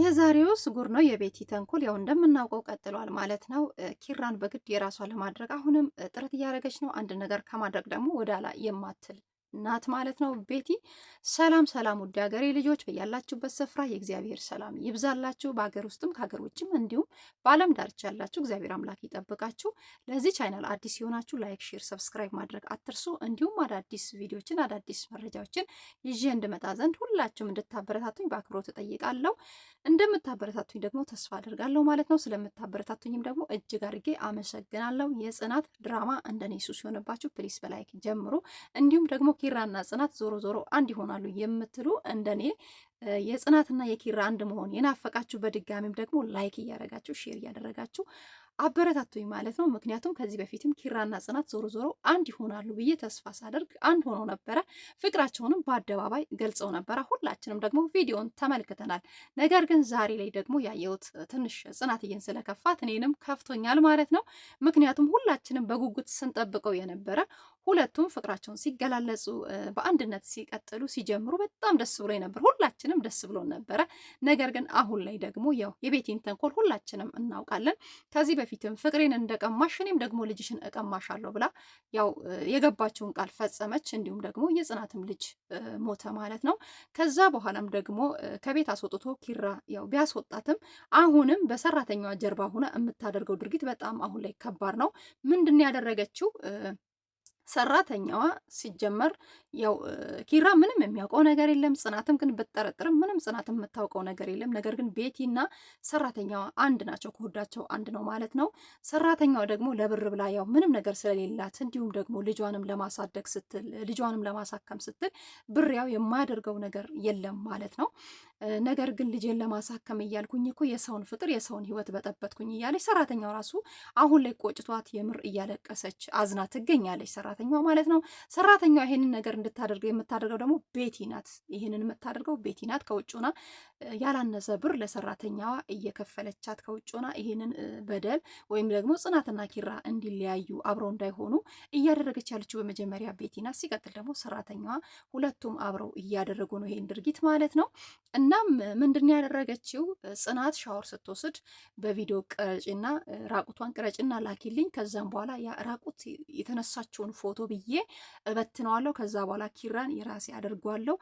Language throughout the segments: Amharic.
የዛሬው ስጉር ነው። የቤቲ ተንኮል ያው እንደምናውቀው ቀጥሏል ማለት ነው። ኪራን በግድ የራሷ ለማድረግ አሁንም ጥረት እያደረገች ነው። አንድ ነገር ከማድረግ ደግሞ ወዳላ የማትል ናት ማለት ነው። ቤቲ ሰላም ሰላም፣ ውድ ሀገሬ ልጆች በያላችሁበት ስፍራ የእግዚአብሔር ሰላም ይብዛላችሁ። በሀገር ውስጥም ከሀገር ውጭም እንዲሁም በዓለም ዳርቻ ያላችሁ እግዚአብሔር አምላክ ይጠብቃችሁ። ለዚህ ቻይናል አዲስ የሆናችሁ ላይክ፣ ሼር፣ ሰብስክራይብ ማድረግ አትርሱ። እንዲሁም አዳዲስ ቪዲዮችን አዳዲስ መረጃዎችን ይዤ እንድመጣ ዘንድ ሁላችሁም እንድታበረታቱኝ በአክብሮት እጠይቃለሁ። እንደምታበረታቱኝ ደግሞ ተስፋ አድርጋለሁ ማለት ነው። ስለምታበረታቱኝም ደግሞ እጅግ አድርጌ አመሰግናለሁ። የጽናት ድራማ እንደኔ ሱስ ሲሆንባችሁ ፕሊስ በላይክ ጀምሩ። እንዲሁም ደግሞ ኪራና ጽናት ዞሮ ዞሮ አንድ ይሆናሉ የምትሉ እንደኔ የጽናትና የኪራ አንድ መሆን የናፈቃችሁ በድጋሚም ደግሞ ላይክ እያደረጋችሁ ሼር እያደረጋችሁ አበረታቱኝ ማለት ነው። ምክንያቱም ከዚህ በፊትም ኪራና ጽናት ዞሮ ዞሮ አንድ ይሆናሉ ብዬ ተስፋ ሳደርግ አንድ ሆኖ ነበረ። ፍቅራቸውንም በአደባባይ ገልጸው ነበረ። ሁላችንም ደግሞ ቪዲዮን ተመልክተናል። ነገር ግን ዛሬ ላይ ደግሞ ያየሁት ትንሽ ጽናትዬን ስለከፋት እኔንም ከፍቶኛል ማለት ነው። ምክንያቱም ሁላችንም በጉጉት ስንጠብቀው የነበረ ሁለቱም ፍቅራቸውን ሲገላለጹ በአንድነት ሲቀጥሉ ሲጀምሩ በጣም ደስ ብሎ ነበር። ሁላችንም ደስ ብሎን ነበረ። ነገር ግን አሁን ላይ ደግሞ ያው የቤቲን ተንኮል ሁላችንም እናውቃለን ከዚህ በፊት በፊትም ፍቅሬን እንደቀማሽ እኔም ደግሞ ልጅሽን እቀማሻለሁ ብላ ያው የገባችውን ቃል ፈጸመች። እንዲሁም ደግሞ የጽናትም ልጅ ሞተ ማለት ነው። ከዛ በኋላም ደግሞ ከቤት አስወጥቶ ኪራ ያው ቢያስወጣትም አሁንም በሰራተኛዋ ጀርባ ሆነ የምታደርገው ድርጊት በጣም አሁን ላይ ከባድ ነው። ምንድን ያደረገችው ሰራተኛዋ ሲጀመር ያው ኪራ ምንም የሚያውቀው ነገር የለም። ጽናትም ግን ብትጠረጥርም ምንም ጽናትም የምታውቀው ነገር የለም። ነገር ግን ቤቲና ሰራተኛዋ አንድ ናቸው፣ ከወዳቸው አንድ ነው ማለት ነው። ሰራተኛዋ ደግሞ ለብር ብላ ያው ምንም ነገር ስለሌላት እንዲሁም ደግሞ ልጇንም ለማሳደግ ስትል ልጇንም ለማሳከም ስትል ብር ያው የማያደርገው ነገር የለም ማለት ነው። ነገር ግን ልጄን ለማሳከም እያልኩኝ እኮ የሰውን ፍጥር የሰውን ህይወት በጠበትኩኝ እያለች ሰራተኛው ራሱ አሁን ላይ ቆጭቷት የምር እያለቀሰች አዝና ትገኛለች። ሰራተኛዋ ማለት ነው። ሰራተኛዋ ይሄንን ነገር እንድታደርገው የምታደርገው ደግሞ ቤቲ ናት። ይሄንን የምታደርገው ቤቲ ናት ከውጭ ሆና ያላነሰ ብር ለሰራተኛዋ እየከፈለቻት ከውጭ ሆና ይህንን በደል ወይም ደግሞ ጽናትና ኪራ እንዲለያዩ አብረው እንዳይሆኑ እያደረገች ያለችው በመጀመሪያ ቤቲና ሲቀጥል ደግሞ ሰራተኛዋ ሁለቱም አብረው እያደረጉ ነው ይሄን ድርጊት ማለት ነው። እናም ምንድን ያደረገችው ጽናት ሻወር ስትወስድ በቪዲዮ ቅረጭና ራቁቷን ቅረጭና ላኪልኝ፣ ከዛም በኋላ ራቁት የተነሳችውን ፎቶ ብዬ እበትነዋለሁ፣ ከዛ በኋላ ኪራን የራሴ አደርጓለሁ፣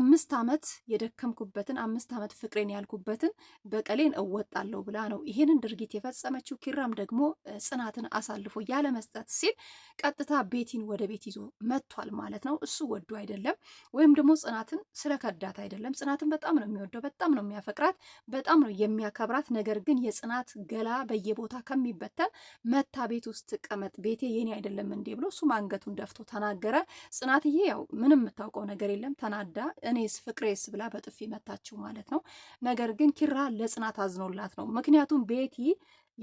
አምስት ዓመት የደከምኩበትን አምስት አምስት ዓመት ፍቅሬን ያልኩበትን በቀሌን እወጣለሁ ብላ ነው ይሄንን ድርጊት የፈጸመችው። ኪራም ደግሞ ጽናትን አሳልፎ ያለመስጠት ሲል ቀጥታ ቤቲን ወደ ቤት ይዞ መጥቷል ማለት ነው። እሱ ወዶ አይደለም ወይም ደግሞ ጽናትን ስለከዳት አይደለም። ጽናትን በጣም ነው የሚወደው፣ በጣም ነው የሚያፈቅራት፣ በጣም ነው የሚያከብራት። ነገር ግን የጽናት ገላ በየቦታ ከሚበተን መታ ቤት ውስጥ ቀመጥ ቤቴ የኔ አይደለም እንዴ ብሎ እሱ አንገቱን ደፍቶ ተናገረ። ጽናትዬ ያው ምንም የምታውቀው ነገር የለም ተናዳ እኔስ ፍቅሬስ ብላ በጥፊ መታችው ማለት ማለት ነው። ነገር ግን ኪራ ለጽናት አዝኖላት ነው። ምክንያቱም ቤቲ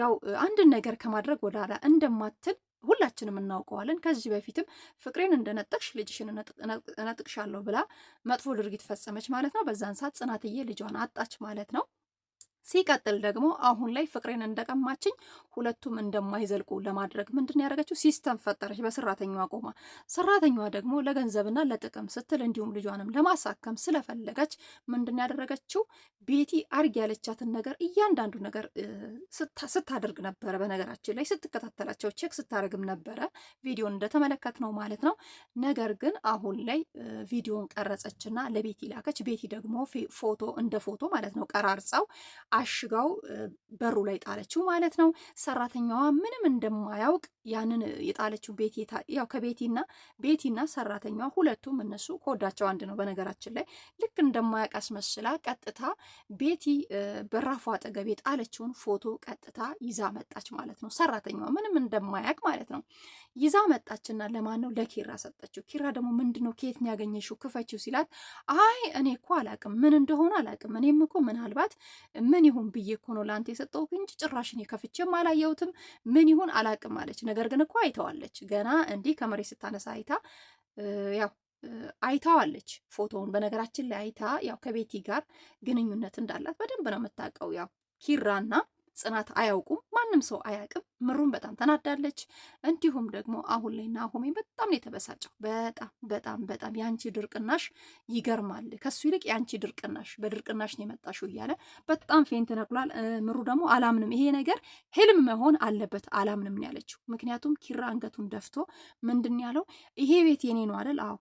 ያው አንድን ነገር ከማድረግ ወደኋላ እንደማትል ሁላችንም እናውቀዋለን። ከዚህ በፊትም ፍቅሬን እንደነጠቅሽ ልጅሽን እነጥቅሻለሁ ብላ መጥፎ ድርጊት ፈጸመች ማለት ነው። በዛን ሰዓት ጽናትዬ ልጇን አጣች ማለት ነው። ሲቀጥል ደግሞ አሁን ላይ ፍቅሬን እንደቀማችኝ ሁለቱም እንደማይዘልቁ ለማድረግ ምንድን ያደረገችው ሲስተም ፈጠረች በሰራተኛዋ ቆማ። ሰራተኛዋ ደግሞ ለገንዘብና ለጥቅም ስትል እንዲሁም ልጇንም ለማሳከም ስለፈለገች ምንድን ያደረገችው ቤቲ አርግ ያለቻትን ነገር እያንዳንዱ ነገር ስታደርግ ነበረ። በነገራችን ላይ ስትከታተላቸው ቼክ ስታደርግም ነበረ ቪዲዮን እንደተመለከት ነው ማለት ነው። ነገር ግን አሁን ላይ ቪዲዮን ቀረጸችና ለቤቲ ላከች። ቤቲ ደግሞ ፎቶ እንደ ፎቶ ማለት ነው ቀራርጸው አሽጋው በሩ ላይ ጣለችው ማለት ነው። ሰራተኛዋ ምንም እንደማያውቅ ያንን የጣለችው ቤቲ ያው ከቤቲና ቤቲና ሰራተኛዋ ሁለቱም እነሱ ከወዳቸው አንድ ነው። በነገራችን ላይ ልክ እንደማያውቅ አስመስላ ቀጥታ ቤቲ በራፏ አጠገብ የጣለችውን ፎቶ ቀጥታ ይዛ መጣች ማለት ነው። ሰራተኛዋ ምንም እንደማያውቅ ማለት ነው ይዛ መጣችና ለማን ነው ለኪራ ሰጠችው። ኪራ ደግሞ ምንድነው ከየት ነው ያገኘሽው ክፈችው ሲላት አይ እኔ እኮ አላቅም ምን እንደሆነ አላቅም እኔም እኮ ምናልባት ምን ይሁን ብዬ እኮ ነው ለአንተ የሰጠው እንጂ ጭራሽን የከፍቼም አላ አላየሁትም፣ ምን ይሁን አላቅም አለች። ነገር ግን እኮ አይተዋለች። ገና እንዲህ ከመሬት ስታነሳ አይታ ያው አይታዋለች ፎቶውን። በነገራችን ላይ አይታ ያው ከቤቲ ጋር ግንኙነት እንዳላት በደንብ ነው የምታውቀው። ያው ኪራና ጽናት አያውቁም፣ ማንም ሰው አያውቅም። ምሩን በጣም ተናዳለች። እንዲሁም ደግሞ አሁን ላይ ናሆሜ በጣም ነው የተበሳጨው። በጣም በጣም በጣም የአንቺ ድርቅናሽ ይገርማል። ከሱ ይልቅ የአንቺ ድርቅናሽ በድርቅናሽ ነው የመጣሽው እያለ በጣም ፌንት ነቅሏል። ምሩ ደግሞ አላምንም፣ ይሄ ነገር ህልም መሆን አለበት አላምንም ያለችው። ምክንያቱም ኪራ አንገቱን ደፍቶ ምንድን ያለው ይሄ ቤት የኔ ነው አይደል? አዎ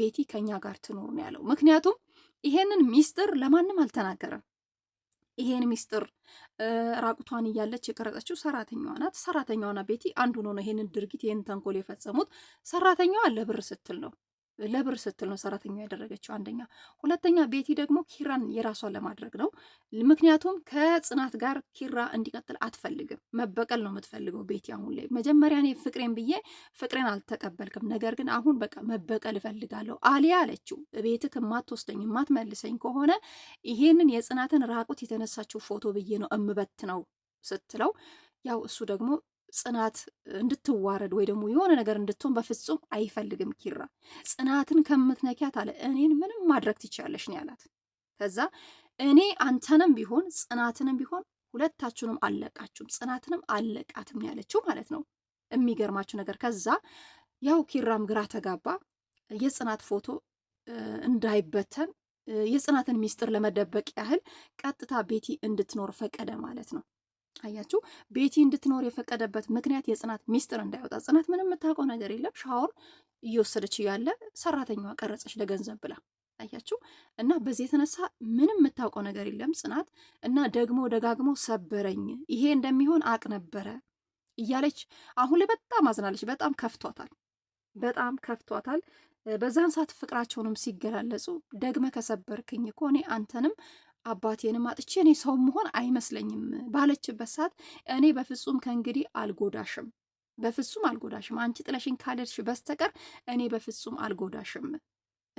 ቤቲ ከኛ ጋር ትኖር ነው ያለው። ምክንያቱም ይሄንን ሚስጥር ለማንም አልተናገረም። ይሄን ሚስጥር ራቁቷን እያለች የቀረጸችው ሰራተኛዋ ናት። ሰራተኛዋና ቤቲ አንዱ ሆነ ነው ይሄንን ድርጊት ይሄን ተንኮል የፈጸሙት ሰራተኛዋ ለብር ስትል ነው። ለብር ስትል ነው ሰራተኛ ያደረገችው። አንደኛ ሁለተኛ፣ ቤቲ ደግሞ ኪራን የራሷን ለማድረግ ነው። ምክንያቱም ከጽናት ጋር ኪራ እንዲቀጥል አትፈልግም። መበቀል ነው የምትፈልገው ቤቲ አሁን ላይ። መጀመሪያ እኔ ፍቅሬን ብዬ ፍቅሬን አልተቀበልክም፣ ነገር ግን አሁን በቃ መበቀል እፈልጋለሁ አሊያ አለችው። ቤትህ የማትወስደኝ የማትመልሰኝ ከሆነ ይሄንን የጽናትን ራቁት የተነሳችው ፎቶ ብዬ ነው እምበት ነው ስትለው ያው እሱ ደግሞ ጽናት እንድትዋረድ ወይ ደግሞ የሆነ ነገር እንድትሆን በፍጹም አይፈልግም ኪራ። ጽናትን ከምትነኪያት አለ እኔን ምንም ማድረግ ትችያለሽ ነው ያላት። ከዛ እኔ አንተንም ቢሆን ጽናትንም ቢሆን ሁለታችሁንም አለቃችሁም ጽናትንም አለቃትም ነው ያለችው ማለት ነው። የሚገርማችሁ ነገር ከዛ ያው ኪራም ግራ ተጋባ። የጽናት ፎቶ እንዳይበተን የጽናትን ሚስጥር ለመደበቅ ያህል ቀጥታ ቤቲ እንድትኖር ፈቀደ ማለት ነው። አያችሁ ቤቲ እንድትኖር የፈቀደበት ምክንያት የጽናት ሚስጥር እንዳይወጣ። ጽናት ምንም የምታውቀው ነገር የለም። ሻወር እየወሰደች እያለ ሰራተኛዋ ቀረጸች ለገንዘብ ብላ አያችሁ። እና በዚህ የተነሳ ምንም የምታውቀው ነገር የለም ጽናት። እና ደግሞ ደጋግሞ ሰበረኝ፣ ይሄ እንደሚሆን አቅ ነበረ እያለች አሁን ላይ በጣም አዝናለች። በጣም ከፍቷታል። በጣም ከፍቷታል። በዛን ሰዓት ፍቅራቸውንም ሲገላለጹ ደግመ ከሰበርክኝ እኮ እኔ አንተንም አባቴንም አጥቼ እኔ ሰው መሆን አይመስለኝም ባለችበት ሰዓት እኔ በፍጹም ከእንግዲህ አልጎዳሽም፣ በፍጹም አልጎዳሽም፣ አንቺ ጥለሽኝ ካልሄድሽ በስተቀር እኔ በፍጹም አልጎዳሽም፣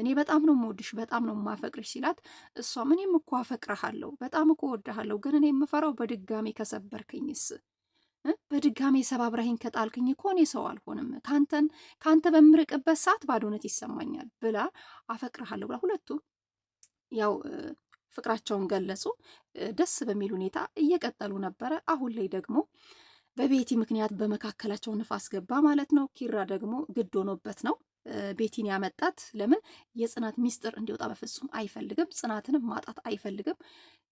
እኔ በጣም ነው የምወድሽ፣ በጣም ነው የማፈቅርሽ ሲላት፣ እሷም እኔም እኮ አፈቅርሃለሁ፣ በጣም እኮ እወድሃለሁ፣ ግን እኔ የምፈራው በድጋሜ ከሰበርክኝስ በድጋሜ ሰባብራሂን ከጣልክኝ እኮ እኔ ሰው አልሆንም፣ ካንተን ካንተ በምርቅበት ሰዓት ባዶነት ይሰማኛል ብላ አፈቅርሃለሁ ብላ ሁለቱ ያው ፍቅራቸውን ገለጹ። ደስ በሚል ሁኔታ እየቀጠሉ ነበረ። አሁን ላይ ደግሞ በቤቲ ምክንያት በመካከላቸው ንፋስ ገባ ማለት ነው። ኪራ ደግሞ ግድ ሆኖበት ነው ቤቲን ያመጣት። ለምን የጽናት ሚስጥር እንዲወጣ በፍጹም አይፈልግም። ጽናትንም ማጣት አይፈልግም።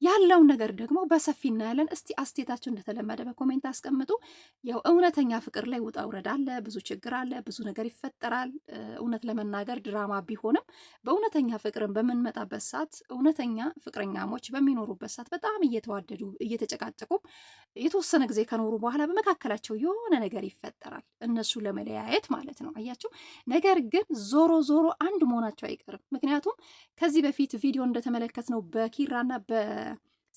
ያለውን ነገር ደግሞ በሰፊ እናያለን። እስቲ አስቴታችሁ እንደተለመደ በኮሜንት አስቀምጡ። ያው እውነተኛ ፍቅር ላይ ውጣ ውረድ አለ፣ ብዙ ችግር አለ፣ ብዙ ነገር ይፈጠራል። እውነት ለመናገር ድራማ ቢሆንም በእውነተኛ ፍቅርን በምንመጣበት ሰዓት እውነተኛ ፍቅረኛሞች በሚኖሩበት ሰዓት በጣም እየተዋደዱ እየተጨቃጨቁም የተወሰነ ጊዜ ከኖሩ በኋላ በመካከላቸው የሆነ ነገር ይፈጠራል፣ እነሱ ለመለያየት ማለት ነው። አያችሁ። ነገር ግን ዞሮ ዞሮ አንድ መሆናቸው አይቀርም። ምክንያቱም ከዚህ በፊት ቪዲዮ እንደተመለከትነው በኪራና በ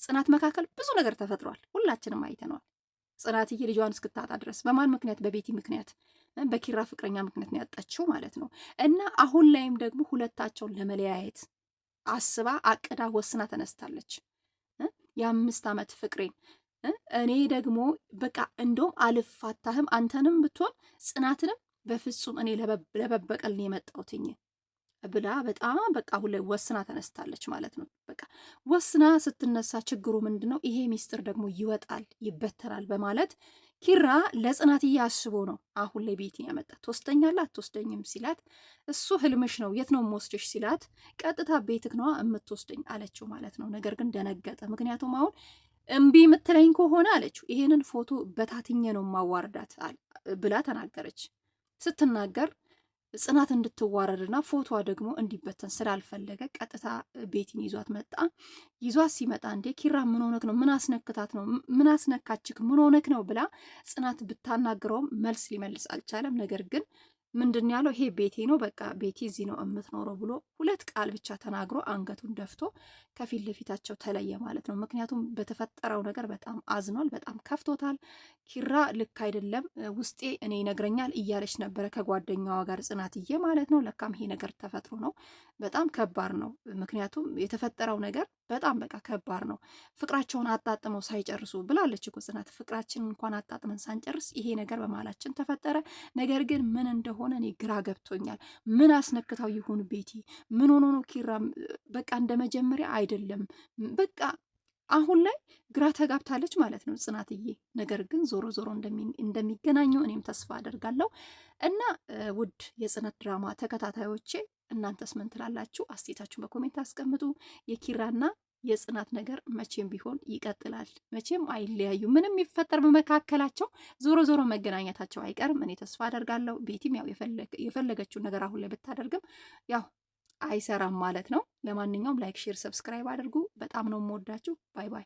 ጽናት መካከል ብዙ ነገር ተፈጥሯል። ሁላችንም አይተነዋል። ጽናትዬ ልጇን እስክታጣ ድረስ በማን ምክንያት? በቤቲ ምክንያት፣ በኪራ ፍቅረኛ ምክንያት ነው ያጣችው ማለት ነው። እና አሁን ላይም ደግሞ ሁለታቸውን ለመለያየት አስባ አቅዳ ወስና ተነስታለች። የአምስት ዓመት ፍቅሬን እኔ ደግሞ በቃ እንደውም አልፋታህም፣ አንተንም ብትሆን ጽናትንም በፍጹም እኔ ለበበቀል ነው የመጣሁትኝ ብላ በጣም በቃ አሁን ላይ ወስና ተነስታለች ማለት ነው። በቃ ወስና ስትነሳ ችግሩ ምንድን ነው? ይሄ ሚስጥር ደግሞ ይወጣል፣ ይበተናል በማለት ኪራ ለጽናት እያስቦ ነው አሁን ላይ ቤቲን ያመጣ ትወስደኛለህ አትወስደኝም ሲላት እሱ ህልምሽ ነው የት ነው የምወስድሽ ሲላት ቀጥታ ቤትክ ነዋ የምትወስደኝ አለችው ማለት ነው። ነገር ግን ደነገጠ። ምክንያቱም አሁን እምቢ የምትለኝ ከሆነ አለችው ይሄንን ፎቶ በታትኜ ነው ማዋርዳት ብላ ተናገረች። ስትናገር ጽናት እንድትዋረድና ፎቶዋ ደግሞ እንዲበተን ስላልፈለገ ቀጥታ ቤቲን ይዟት መጣ። ይዟት ሲመጣ እንዴ ኪራ ምን ሆነክ ነው? ምን አስነክታት ነው? ምን አስነካችክ? ምን ሆነክ ነው ብላ ጽናት ብታናግረውም መልስ ሊመልስ አልቻለም። ነገር ግን ምንድን ያለው ይሄ ቤቴ ነው፣ በቃ ቤቴ እዚህ ነው የምትኖረው ብሎ ሁለት ቃል ብቻ ተናግሮ አንገቱን ደፍቶ ከፊት ለፊታቸው ተለየ ማለት ነው። ምክንያቱም በተፈጠረው ነገር በጣም አዝኗል፣ በጣም ከፍቶታል። ኪራ ልክ አይደለም ውስጤ እኔ ይነግረኛል እያለች ነበረ ከጓደኛዋ ጋር ጽናትዬ ማለት ነው። ለካም ይሄ ነገር ተፈጥሮ ነው። በጣም ከባድ ነው። ምክንያቱም የተፈጠረው ነገር በጣም በቃ ከባድ ነው። ፍቅራቸውን አጣጥመው ሳይጨርሱ ብላለች እኮ ጽናት። ፍቅራችን እንኳን አጣጥመን ሳንጨርስ ይሄ ነገር በመሀላችን ተፈጠረ። ነገር ግን ምን እንደሆነ እኔ ግራ ገብቶኛል። ምን አስነክታው ይሁን ቤቲ? ምን ሆኖ ነው ኪራ? በቃ እንደ መጀመሪያ አይደለም። በቃ አሁን ላይ ግራ ተጋብታለች ማለት ነው ጽናትዬ። ነገር ግን ዞሮ ዞሮ እንደሚገናኙ እኔም ተስፋ አደርጋለሁ እና ውድ የጽናት ድራማ ተከታታዮቼ እናንተስ ምን ትላላችሁ? አስተያየታችሁን በኮሜንት አስቀምጡ። የኪራና የጽናት ነገር መቼም ቢሆን ይቀጥላል። መቼም አይለያዩ። ምንም የሚፈጠር በመካከላቸው ዞሮ ዞሮ መገናኘታቸው አይቀርም። እኔ ተስፋ አደርጋለሁ። ቤቲም ያው የፈለገችውን ነገር አሁን ላይ ብታደርግም ያው አይሰራም ማለት ነው። ለማንኛውም ላይክ፣ ሼር፣ ሰብስክራይብ አድርጉ። በጣም ነው የምወዳችሁ። ባይ ባይ።